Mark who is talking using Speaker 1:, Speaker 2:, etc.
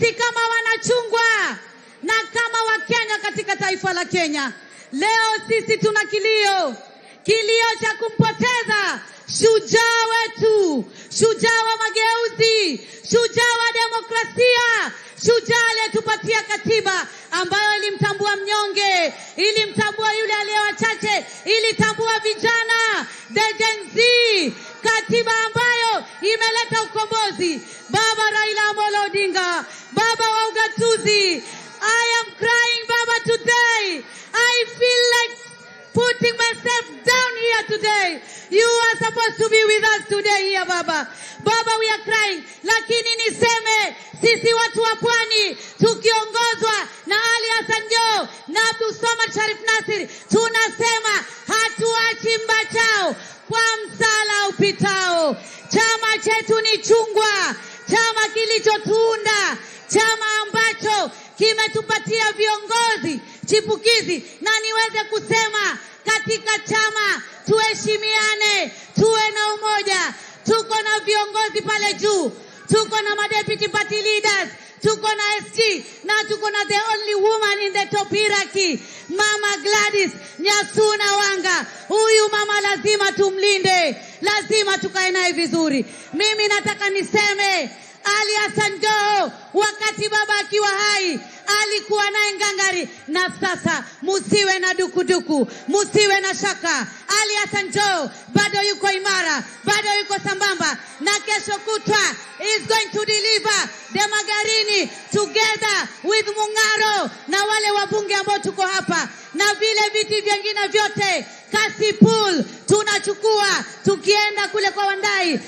Speaker 1: sisi kama wanachungwa na kama Wakenya katika taifa la Kenya, leo sisi tuna kilio, kilio cha kumpoteza shujaa wetu, shujaa wa mageuzi, shujaa wa demokrasia, shujaa aliyetupatia katiba ambayo ilimtambua mnyonge, ilimtambua yule aliye wachache, ilitambua vijana the Gen Z, katiba ambayo imeleta ukombozi to thee. I am crying, Baba, today. I feel like putting myself down here today. You are supposed to be with us today here, Baba. Baba, we are crying. Lakini niseme sisi watu wa pwani tukiongozwa na Ali Hassan Joho na Abdul Samad Sharif Nasir tunasema hatuachi Mbachao kwa msala upitao. Chama chetu ni chungwa, chama kilichotuunda, chama kimetupatia viongozi chipukizi, na niweze kusema katika chama tuheshimiane, tuwe na umoja. Tuko na viongozi pale juu, tuko na madeputy party leaders, tuko na SG na tuko na the only woman in the top hierarchy, Mama Gladys Nyasuna Wanga. Huyu mama lazima tumlinde, lazima tukae naye vizuri. Mimi nataka niseme Ali Hassan wakati baba akiwa hai alikuwa naye ngangari, na sasa musiwe na dukuduku, musiwe na shaka. Ali Hassan Joho bado yuko imara, bado yuko sambamba, na kesho kutwa is going to deliver Demagarini together with Mung'aro na wale wabunge ambao tuko hapa na vile viti vyengine vyote, kasi pool tunachukua tukienda kule kwa Wandai.